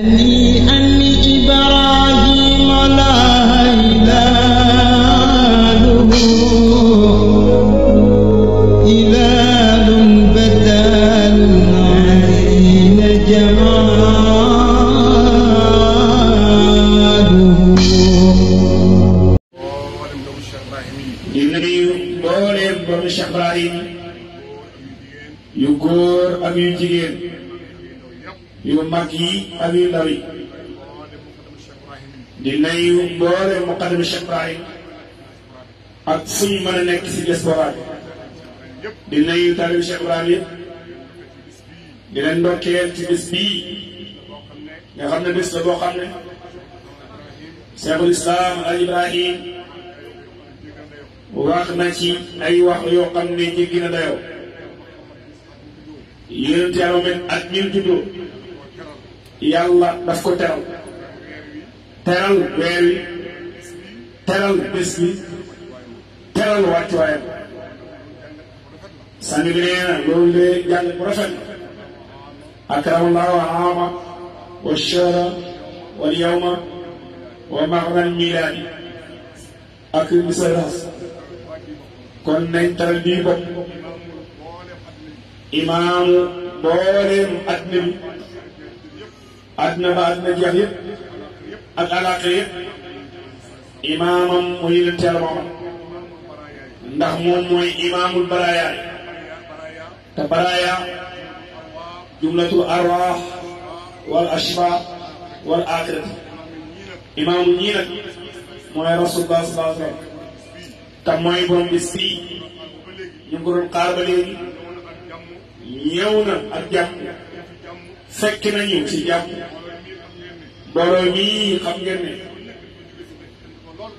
أني أني إبراهيم abi lawi di muqaddam Cheikh Ibrahim ak fu mën a nekk si diaspora bi di nuyu taalib Cheikh Ibrahim yëpp ndokkeel ci bés bii xam ne bés boo xam ne Cheikhul Islam al Ibrahim wax na ci ay wax yoo xam ne jéggi na dayoo yéen teeru ak ñi juddoo yàlla daf ko teral teral weer teral bés teral wàccuwaayam sànni bi nee na loolu de jàng bu rafet akramallaahu aama wa shahra wal yawma wa maxran milaadi ak bisaras kon nañ teral bii imaamu booleem at أدنى بأدنى جهيد أدعاقيد إمام مهيل التلمام نحمون موي إمام البرايا تبرايا جملة الأرواح والأشفاء والآخرة إمام نيلة موي رسول الله صلى الله عليه وسلم تموي بروم بسي نمبر القابلين يونا الجمهور fekk nañu ci jàmm booloo ñii xam ngeen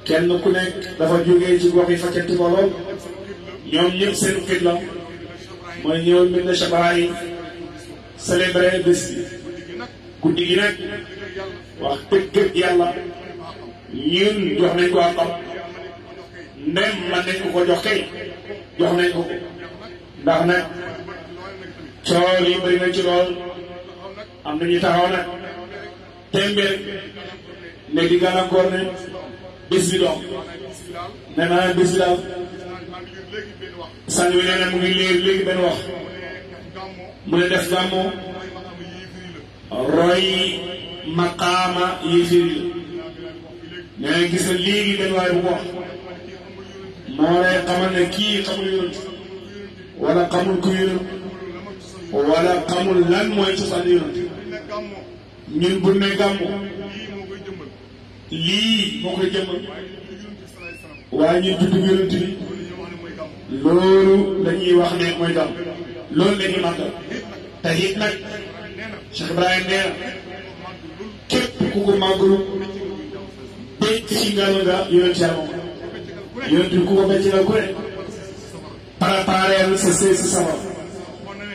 kenn ku nekk dafa jógee ci gox yi fakkati ko lool ñoom ñëpp seen xit la mooy ñëw mbir na shabaraa yi célébré bés bi guddi gi nag wax dëgg ñun jox nañ ko àqam ndem man nañ ko jox kay jox nañ ndax nag coor yi bëri ci lool am na taxaw nag tembe ne di gàllankoor ne bés bi dox ne naa bés bi daal sànni nee na mu ngi léegi léegi benn wax mu ne def gàmmu roy maqaama yéeféer yi nee na gis na léegi benn waay bu ko wax moo lay xamal ne kii xamul yonent wala xamul ku yonent wala xamul lan mooy cosaan yonent ñun bu ne gàmmu lii moo koy jëmmal ñun juddu yonent bi loolu dañuy wax ne mooy gàmm loolu la ñuy te it nag Cheikh Ibrahima nee képp ku ko màggalu béy ci ngàll nga yonent yaa moom yonent bi ku ko béy ci la ku ne prépareel sa sëy sa sabar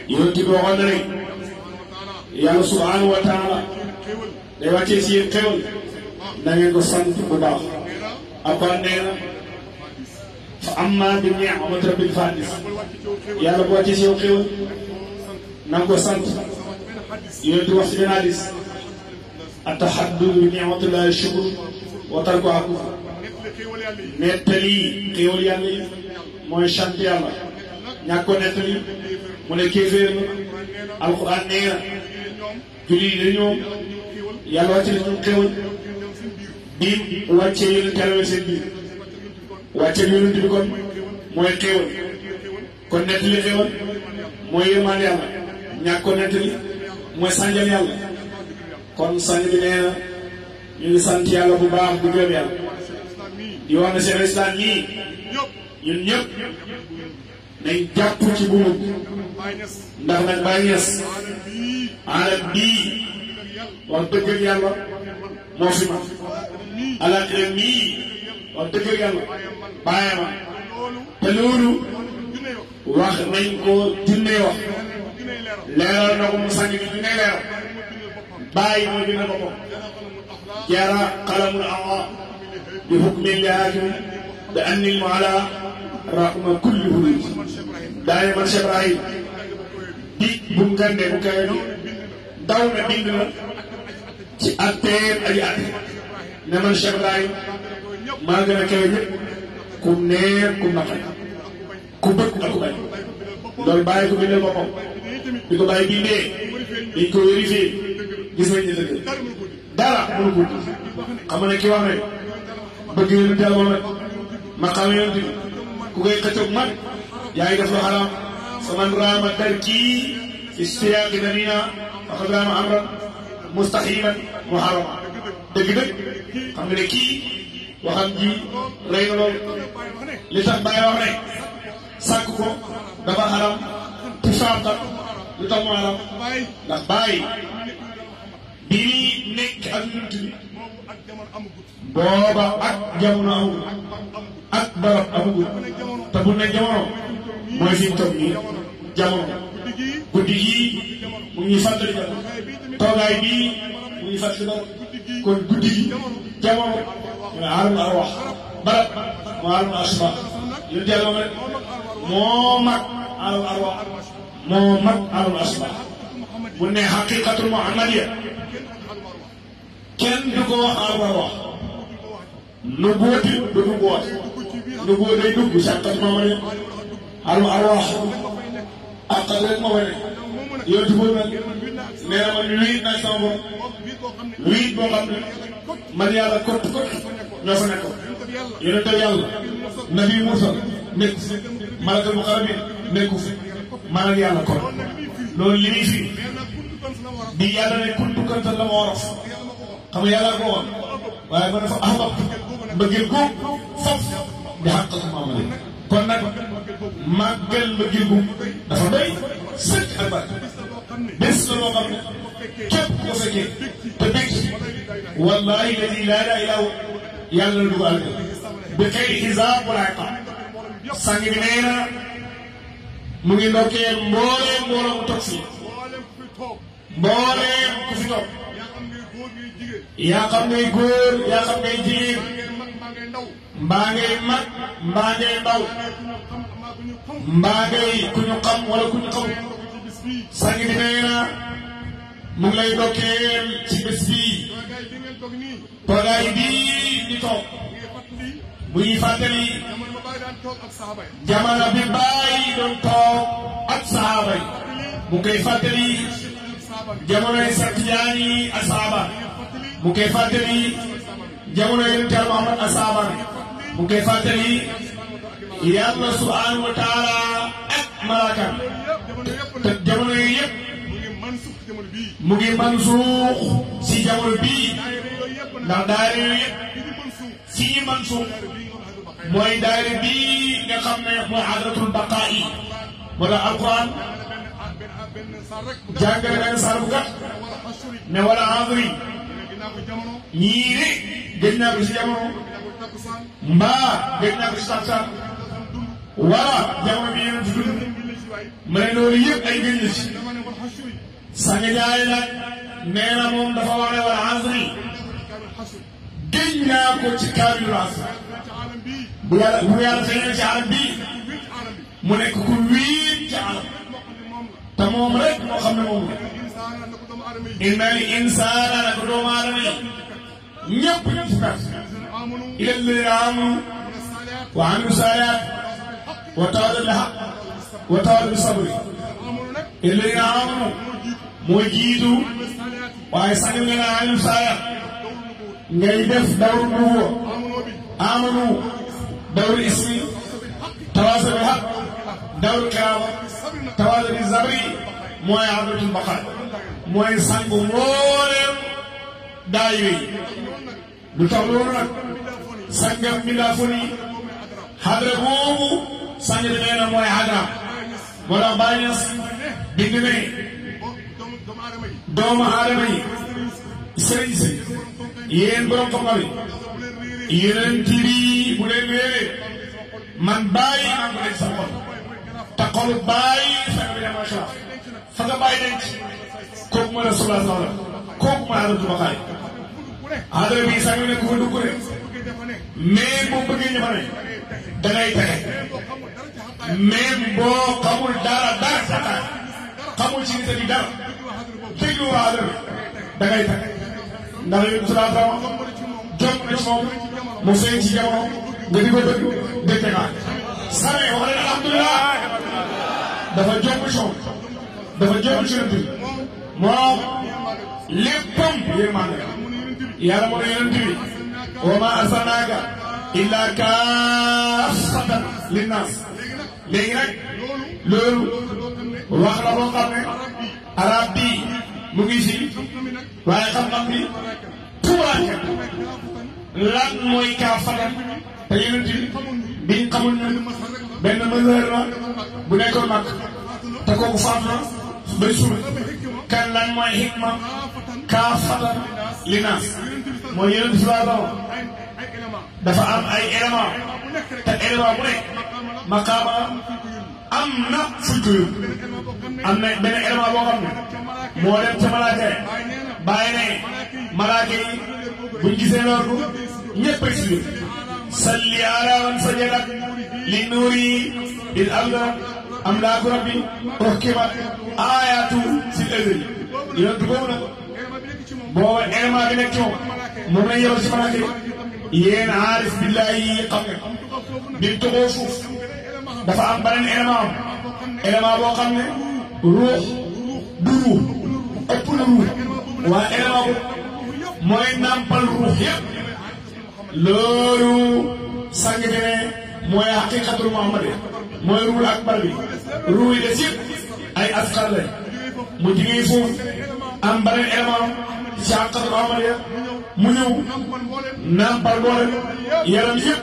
yonent bi waxoon na wa taala day wàccee si yéen xéwal na ngeen ko sant bu baax alquran nee na fa amma bi ni'mat rabbil fadis yàlla bu wàccee si yow xéwal na nga ko sant yonent wax si benn hadis ataxaddu bi ni'matillahi shukru wa tarku kufr nettali xéwal yàlla yi mooy sant yàlla ñàkk ko nettali mu ne kéeféer alquran nee na julli yi dañoo yàlla wàcce na ñoom xéwal di wàcce yonent yàlla seen biir wàcce yonent bi kon mooy xéwal kon nettali xéwal mooy yërmaan yàlla ñàkk ko nettali mooy sànjal yàlla kon sànj bi ñu ngi sant yàlla bu baax bu gërëm yàlla di wax na seen islam nii ñun ñëpp day jàpp ci buum ndax nag bàyyi ñes alal bii wax dëgg yàlla moo fi ma alal ren mii wax dëgg yàlla bàyyi ma te loolu wax nañ ko bi annil maala rahma kulli hulil daane man Cheikh Ibrahim di bu gande bu kayno daw na bind na ci atteem ay atte ne man Cheikh maa gën a kawe ñëpp ku neex ku naqar ku bëgg ak ku bañ loolu bàyyi ko bindal boppam di ko bàyyi bindee dañ ko vérifié gis nañ ne dëgg ne ki wax ne bëgg yéen maqaam yonent bi ku koy xëccoog man yaa ngi def lu xaraam faman raama tarkii fi siyaaqi danina faqad raama amran mustaxiilan muharrama dëgg-dëgg xam nga ne kii waxam ji rey na li tax bàyyi wax ne sàkk ko xaram pour saamta lu tax xaram ndax bàyyi nekk ak yonent booba ak jamono amul ak barab amagul te bu ne jamono mooy fi mu toog nii jamono guddi gii mu ngi fàttali jamono toogaay bii mu ngi fàttali jamono kon guddi gi jamono mooy aarum arwax barab mooy aarum asma yéen jàll moom rek moo mu ne xaqiqatul kenn du ko wax aarum lu bëgg day dugg sàkkat ma wane al arwaax àqal rek ma wane yow tu bëgg nag nee na man wéet naa sama bopp wéet boo xam ne man yàlla kott kott ñoo fa nekkoon yonente yàlla nabi Muusa nekku fi malaka mu xarami nekku fi maanaam yàlla kon loolu li muy fii di yàlla ne kuntu kanta la ma warof xam nga yàlla ko woon waaye ma dafa ahbab mbëggeel ko foofu bi xam xasul maam Malick kon nag màggal mbëggeel bu dafa doy sëkk ak bàq bés la boo xam ne képp ku ko fekkee te dégg wallaahi ladi laa ilaaha illaa yàlla la dugal bi xëy xisaab wala iqaab sàng bi nee na mu ngi ndokkee mbooleem mbooloo mu toog si mbooleem ku fi toog yaa xam ngay góor yaa xam ngay jigéen mbaa ngay mag mbaa ngay ndaw mbaa ngay ku ñu xam wala ku ñu xaw sànq bi nee na mu ngi lay dokkeel ci bés bii toogaay bii ñu toog muy fàttali jamono bi bàyyi doon toog ak saaba yi mu koy fàttali jamonoy Satijaan yi asaaba mu koy fàttali jamonoy Muhammad asaaba mu ngi koy fàttali yàlla subhaanahu wa taala ak malaaka te jamono yooyu yëpp mu ngi man si jamono bii ndax daayira yooyu si ñi man suux mooy daayira bii nga xam ne mooy adratul baqaa yi wala alquran jàngale benn saar bu gàtt ne wala envri ñii de gën si jamono mbaa dégg naa ko si sax sax wala jamono bi yéen a tudd ma ne loolu yëpp ay gëj la ci. sang a war a ansari gëj naa ko ci kaamil ansari bu yàlla bu mu nekk ku wiit ci alam te moom rek moo xam ne moom la. inna al insaana nag doomu aadama yi إلى يلعن وعن سايات وطال الحق وطال الصبر يلعن مجيد ويسال من عن سايات نيدف دور النبوة آمنوا دور الإسلام تواصل الحق دور الكرامة تواصل الزبر موي عبد البقر موي سانغو مولم دايري du tax loolu nag sangam bi laa foni xadra boobu sang bi nee na mooy xadra moo tax bàyyi na bind ne doomu aadama yi sëriñ si yéen borom xam-xam yi yeneen tiri bu leen réeree man bàyyi maa ngi leen sa xol te xolu bàyyi sang bi ne macha fa nga bàyyi la soxla soxla kooku ma la du engrais bi sànni ne ku fa dugg de mais bu bëggee ñu fa ne dangay texe mais boo xamul dara dara dara xamul ci nit dara déglu waa engrais bi dangay texe ndax yéen su daan ci moom nga di ko dëgg dëgg naa sare wax leen alhamdulilah dafa jot ci dafa jot ci nit yi moom léppam yéen maa yàlla mu ne yonent bi ma arsalnaaka illaa kaafatan linnaas léegi nag loolu wax la boo xam ne arab bii mu ngi si waaye xam-xam bi tuuraankat lan mooy kaafatan te yonent bi biñ xamul ne benn mëneel la bu nekkoon mag te kooku faam na bay kan lan mooy xikma kaafatan linaas mooy yeneen bi sallallahu alayhi wa sallam dafa am ay élément te élément bu nekk maqaama am na fuñ ko yóbbu am na benn élément boo moo dem ca malaaka yi bàyyi ne malaaka yi a si salli ala man sajada li nuuri il amda am laaku rabbi uhkimat aayatu si ëllëg yi yonent boobu nag boo élément bi nekk ci moom moom lañ yebal si aarif billaay yi xam nga di dafa am beneen élément boo xam ne ruux du ruux ëpp ruux waa élément mooy nàmpal ruux yëpp loolu sang bi ne mooy xaqiqatul muhammad mooy ruul akbar bi ruuy des yëpp ay asxar lañ mu jigéen foofu am beneen élément caaxaan ba amal ya mu ñëw nàmpal boole yaram yëpp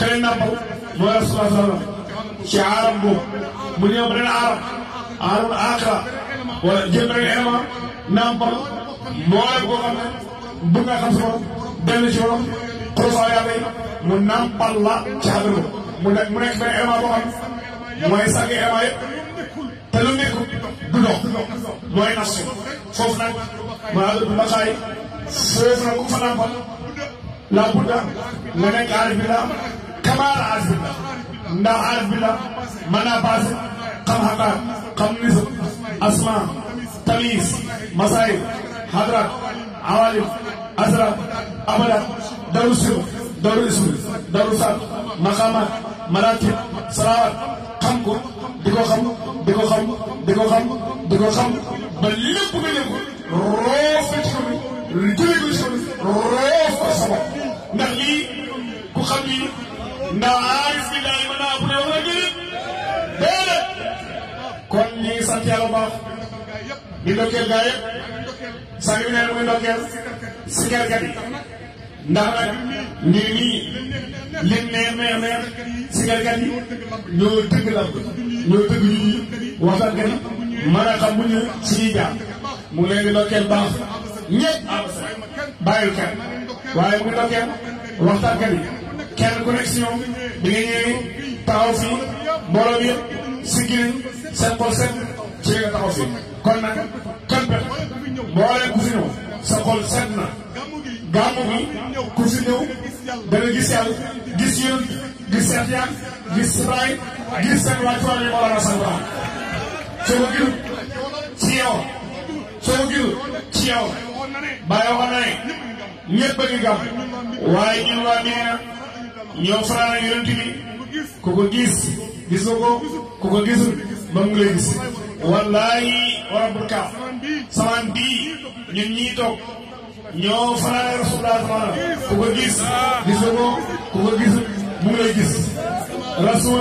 kay nàmpal mooy rasulullah sallam ci aaram boobu mu ñëw ba dana aaram aaram aakara wala jëm rek élément nàmpal mboolem boo xam ne bëgg nga xam si moom benn ci moom xurufaa yàlla yi mu nàmpal la caaxaan boobu mu nekk mu nekk benn élément boo xam mooy sànq élément yëpp te lu nekk du dox mooy nation foofu nag. maanaam du masaay sooyee na ku fa laa budda la kamaala aarif bi la aarif bi la mën naa passé xam xaqaat xam nisb asma tamis awalim asra abadat daru sir daru ismi daru sat maqamat maratib salawat xam ko di ko xam di ko xam di ko xam di ko xam ba lépp nga roofal suñu déglu suñu roofal sa bopp ndax lii ku xam ni ndax aaris bi daal mën naa amul yow rek déedéet kon ñu ngi sant yàlla bu baax di ndokkeel gaa yëpp saa yu ne muy ndokkeel si gerkat yi ndax nag la ñoo dëgg ñun ñi waxtaan gën mën a xam bu ñu si ñuy mu leen di ndokkeel baax ñëpp bàyyil kenn waaye mu ndokkeel waxtaankat yi kenn ku bi nga ñëwee taxaw fii mbooloo bi yëpp si giriñ seen ci nga taxaw fii kon nag kan bet mboolee ku sa xol set na gàmmu bi ku dana gis yàlla gis yéen gis seet yaan gis sibaay gis seen waa cuwaar yi moo la sant ci yow soo jur ci yow bàyyi waxoon na ne a ngi gam waaye ñun waa Medina ñoo faral ak yonent bi ku ko gis gisoo ko ku wallaahi rabbul samaan bii ñun ñoo faral rasulullah taala ku ko gis gisoo ko ku ko gisul mu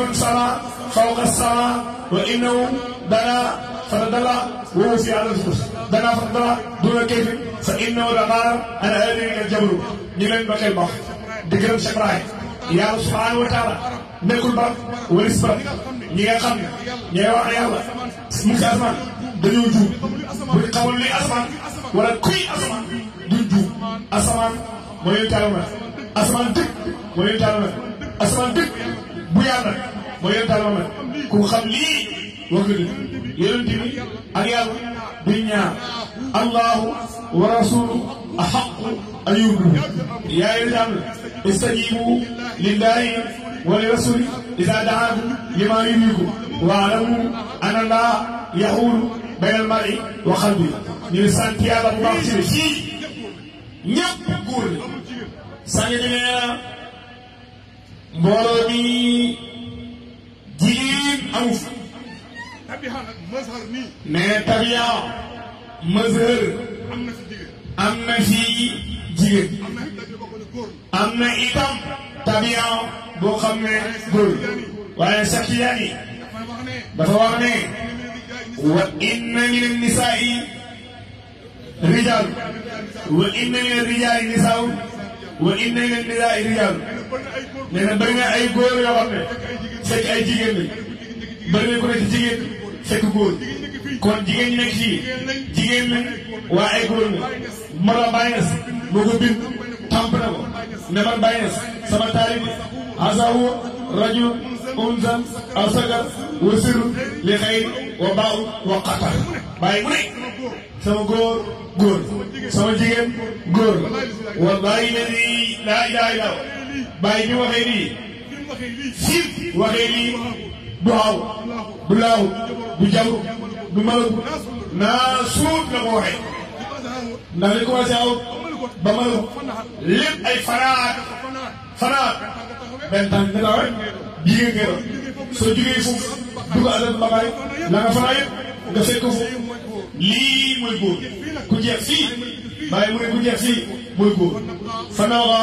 fawqa sama wa innahu dana فندلع ووفي على الفرس دنا فندلع دون كيف فإنه لغار أنا هذه الجبل نيلن بكي بخ دقرم شكراي يا سبحانه وتعالى nekkul ba walis ba ñi nga xam ne ñooy wax yàlla mu ci asmaan dañoo juum bu xamul li asmaan wala kuy asmaan duñ juum asmaan moo leen taal ma asmaan dëkk moo leen taal ma asmaan dëkk bu yàlla moo leen taal ma ku xam lii wax nga الله ورسوله أحق أن يا إلهام استجيبوا لله ولرسوله إذا دعاكم لما يريدكم واعلموا أن الله يحول بين المرء وقلبه من سانتياغو مارتيريش نيب غور سانيا دينيا مبولو دي nee tabiya mazhar am na fii jigéen am na itam tabiya boo xam ne góor waaye Satiyaani dafa wax ne wa inna min nisaa'i rijaal wa inna min rijaali nisaaw wa inna min nisaa'i rijaal nee na bëri na ay góor yoo xam ne fekk ay jigéen lañ bëri na ku nekk jigéen fekk góor kon jigéen ñi nekk fii jigéen lañ waa ay góor la Mawla Baye Niass moo ko bind tàmp na ko ne man Baye Niass sama taalibe asawu rajo unzan aw sagar wa siru li xëy wa baaw wa xatar bàyyi mu ne sama góor góor sama jigéen góor wallahi ladi laa ilaaha illa bàyyi ñu waxee lii siif waxee lii du aw du laaw du jabru du malaku naa suut na ko waxee ndax li commencé aw ba malaku lépp ay fanaat fanaat benn tànk nga taxawee jigéen nga doon soo jugee foofu dugg àll ba bàyyi la nga fanaa yëpp nga fekk foofu lii mooy góor ku jeex fii. bàyyi mu ne bu jeex si mooy góor fanaawa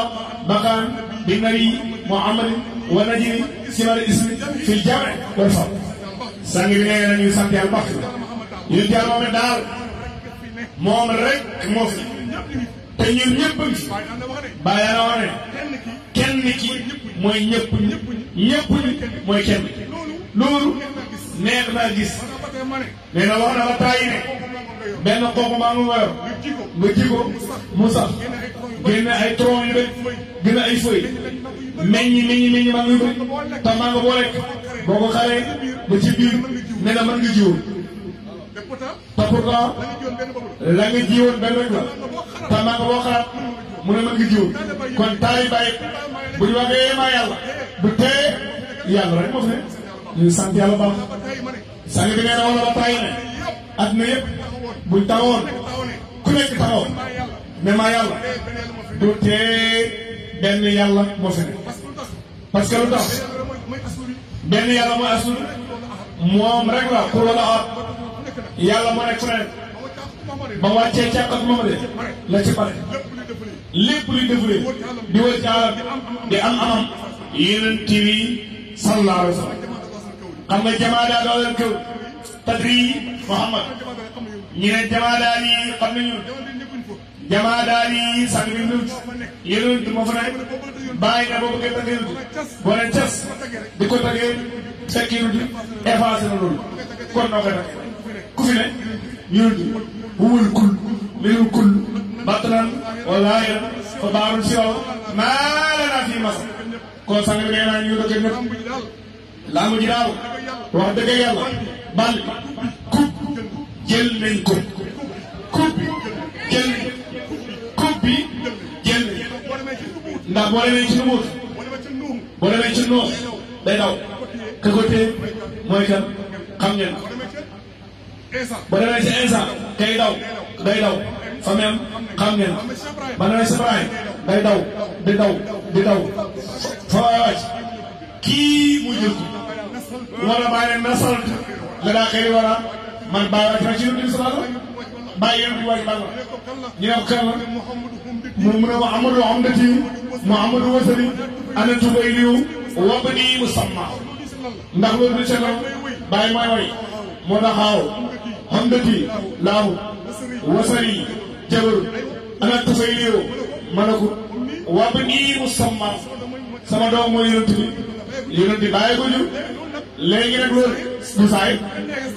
baqaan bi nabi muhammad wa najiri simar ismi fil jaame wal faw sang bi nee nañu sant yàlla baax na ñun daal moom rek moo fi te ñun ñëpp a ngi fi bàyyi la wax ne kenn ki mooy ñëpp ñëpp ñëpp mooy kenn loolu neex naa gis nee na wax na ba tàyyi ne benn kooku maa ngi nga ji ko mu gena génne ay tronc yu bëri génne ay feuilles meññ meññ meññ maa ngi bëri te maa nga boo lekk boo ko xaree ba ci biir nee na mën nga jiwoon te pourtant la nga jiwoon benn rek la te maa nga mu ne nga kon bu ñu waxee maa bu tee yàlla rek moo fi ñu sant bi na wala ba ne at ku nekk taxaw ne ma yàlla du tee benn yàlla moo fi nekk parce que lu tax benn yàlla mooy asur moom rek la pour yàlla moo nekk fu nekk ba wàccee càq ak moom de la ci pare lépp luy défulé di wër caalam di am amam yeneen tiwi sallallahu alayhi wa sallam xam nga jamaa daa dooleel këw Muhammad ñu ne jamaadaar yi xam nañu jamaadaar yi sànq bi mu yéloon du ma fa nekk bàyyi na ba bëgg a tëggee boo leen cas di ko tëggee fekki lu effacé na loolu kon o koy ku fi ne ñu ne wuwul kul lilul kul bàttalan wala yéen fa baarul si waaw maa naa fii masa kon sànq bi ngay naan ñu dëgg ñëpp laa ji daaw wax dëgg yàlla bal jël nañ ko coupe bi jël coupe bi jël ndax boo demee ci muut boo demee ci nuux day daw ka ko téye mooy kan xam ngeen boo demee ci instant kay daw day daw fa même xam ngeen ba demee ci Ibrahima day daw di daw di daw fa kii mu jël ko wala nasal la daa xëy war man bàyyi waaj waaj ci yonent bi sallallahu alayhi wa sallam bàyyi yonent bi waaj bàyyi waaj ñu ne ko kan la mu mu ne ma Amadou Amdati Mouhamadou Wasali ana tuba iliyu doom mooy yonent bi yonent bi bàyyi ko léegi nag loolu du saay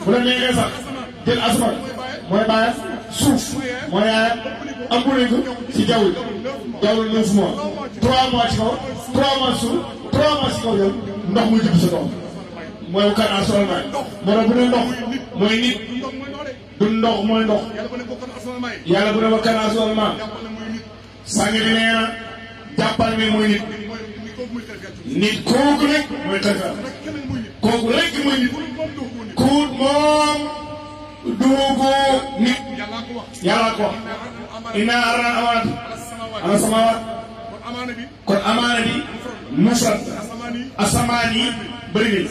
bu la neexee sax jël asman mooy bàyyam suuf mooy yaayam am bu nekk ci trois mois ci kaw trois ndox muy jëm sa doom mooy kanaan sonal naay moo tax bu ne ndox mooy nit du ndox mooy ndox yàlla bu ne ba kanaan sonal maa sàng bi nee jàppal ne mooy nit nit kooku rek mooy tënkaat kooku rek mooy nit kuut moom duugu nit yàlla ko ina aran amaat ama samawaat kon amaana bi musal asamaan yi bëri nañ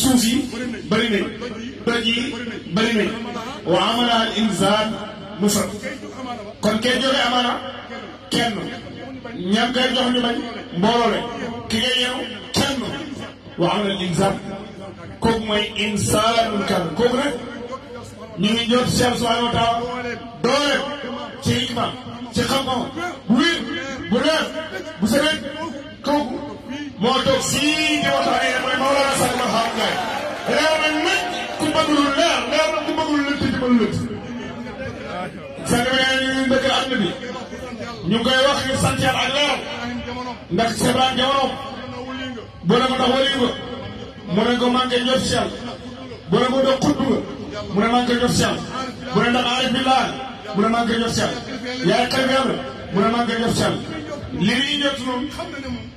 suuf yi bëri nañ doj yi bëri nañ wa amala al insaan musal kon kee joxe amaana kenn ñam koy jox ñu bañ mbooloo la ki ngay yeew kenn wa alal insan kooku mooy insaanul kaamil kooku nag ñu ngi ñëw ci Yàlla subhaanahu wa taala doole ci iman ci xam-xam bu wér bu leer bu sëbet kooku moo toog sii di waxtaanee rek mooy Mawlana Sall ma xam ngaay leer na nañ ku bëgg lu leer leer na ku bëgg lu lëtt di bëgg lëtt sa demee ñu dëkk ànd bi ñu koy wax ñu sant yàlla ak leer ndax sebaan jamono bu ne ko ndax waliyu ba mu ne ko manqué njot si yàlla bu ne ko a xutbu ba mu ne manqué njot si a bu ne ndax aarif bi laa mu ne manqué njot si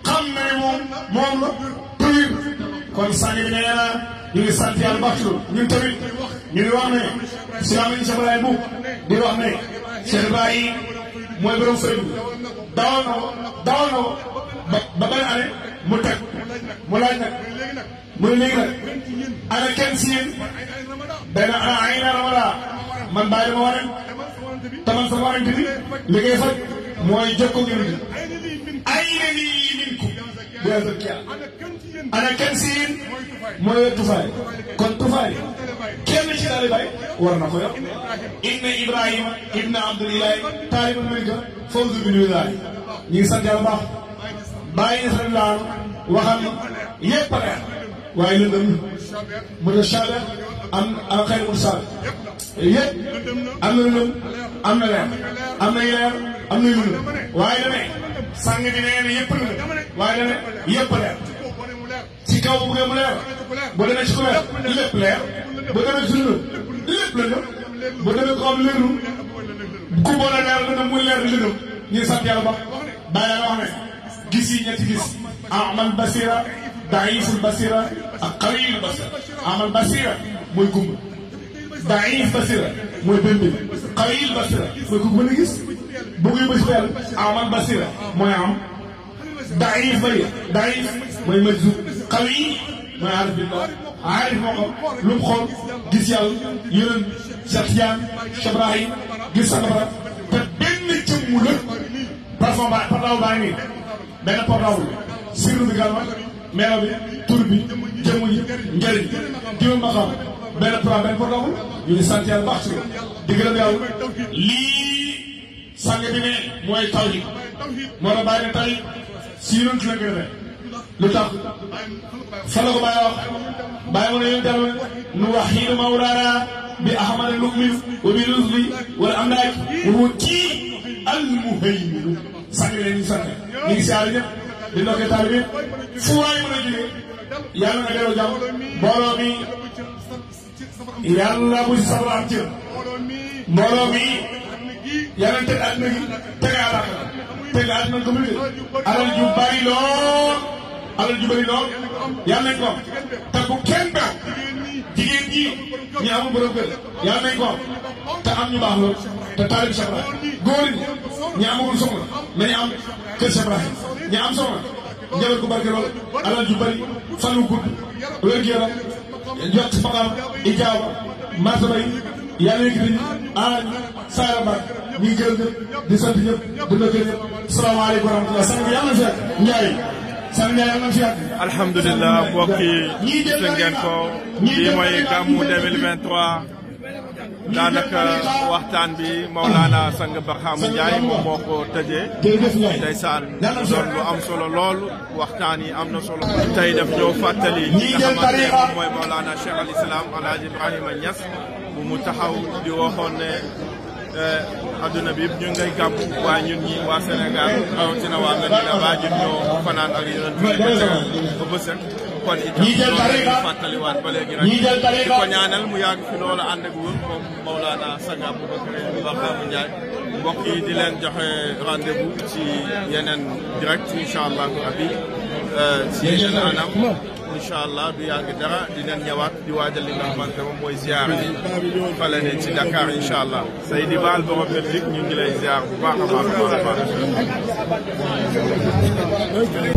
moom moom moom kon sànni bi nee na ñu ngi sant yàlla tamit ñu ngi wax ne silaam yi Cheikh Ibrahim bu di wax ne Cheikh mooy borom fëy dawal na ko dawal na mu teg mu laaj nag mu ne léegi nag ana kenn si yéen benn ana ay na ramada man bàyyi ma wanen taman sa warante bi li ngay faj mooy jokko ngeen di ay na nii minku biasal kia ana kenn si yéen mooy tufaay kon tufaay kenn ci daal bay na ko yor inna ibrahima ibna abdulilahi taalibu malika fawzu bi ñu ngi sant yàlla baax bàyyi sa laal waxal yépp a leer waaye lëndëm mu ne saabe am a xëy mu saabe yépp am na lëndëm am na leer am na leer am na lëndëm waaye dane sàng bi nee na yépp lëndëm waaye dane yépp a leer ci kaw bu buggee mu leer boo demee ci ku leer lépp leer boo demee ci lëndëm lépp lëndëm boo demee ko am lëndëm ku boole leer lëndëm muy leer ba bàyyi wax ne gis yi ñetti gis amal basira daisul basira ak xawil basira amal basira mooy gumba daif basira mooy bëndil xawil basira mooy ku mën a gis bu ngay bés feel amal basira mooy am daif bari daif mooy majzub xawil mooy aarif billah aarif moo xam lu mu xool gis yàlla yërëm Cheikh Tidiane Cheikh Ibrahim gis sa te benn cëmm la parfois ba par daw baa ngi danga ko raw siru bi galma meew bi tur bi jëmm yi njëriñ jiw ma xam benn plan benn programme ñu ngi sant yàlla baax ci ko di gërëm yàlla lii sang bi ne mooy taw moo tax bàyyi ne tey si yonent la gën a lu tax fa la ko bàyyi wax bàyyi mu ne yéen tamit nu wax yi mawlaana bi ahmad wa bi lutfi wala am naaj wa kii al muhaymin sang leen ñu sang ñu ngi siyaare ñëpp di ndokkee taal bi fu waay mën a jógee yàlla nga dellu jàmm mbooloo mi yàlla bu sabab am cër teg àdduna teg àdduna ko bëri alal ju bari lool alal ju bari lool yàlla nañ te bu kenn beew jigéen ñi ñi amul borom kër yàlla nañ ko am te am ñu baax lool te taalib Cheikh Ibrahim góor ñi ñi amagul soxna nañu am kër Cheikh Ibrahim ñi am soxna njaboot gu barke lool alal ju bari fan wu gudd wér gu yaram jot faqam ijaaba martaba yi yàlla yëkkati ñu aaj saara baax ñu ngi gërëm di sant ñëpp di nëkk ñëpp salaamaaleykum wa rahmatulah sànq yàlla na fekk Alhamdulillah, mbokk yi gis ngeen ko 2023 daanaka waxtaan bi Maulana Sang Barham Ndiaye Eh, adduna bi yëpp ñu ngay gàmmu waa ñun ñi waa Sénégal rawatina waa Medina Ba ñun ñoo fanaan ak yeneen ba bësëk kon itam loolu fàttaliwaat ba léegi nag di mu yàgg fi loolu ànd ak wër moom Maulana Sanga Boubacar Bakhamu Ndiaye mbokk yi di leen joxe rendez-vous ci yeneen direct incha allah abi eh, ci yeneen شاء الله دو ياغ دارا دي نان نيوات دي واجال لي خامتا موم موي زياره دي فالا ني سي داكار ان شاء الله سيدي بال بو مبليك ني نجي لاي زيار بو باخا باخا باخا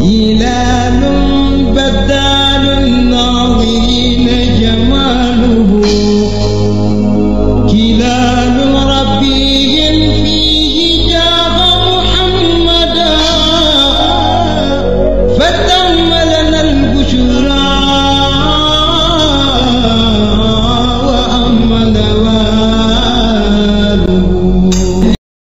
الى من بدال الناظرين جماله كلا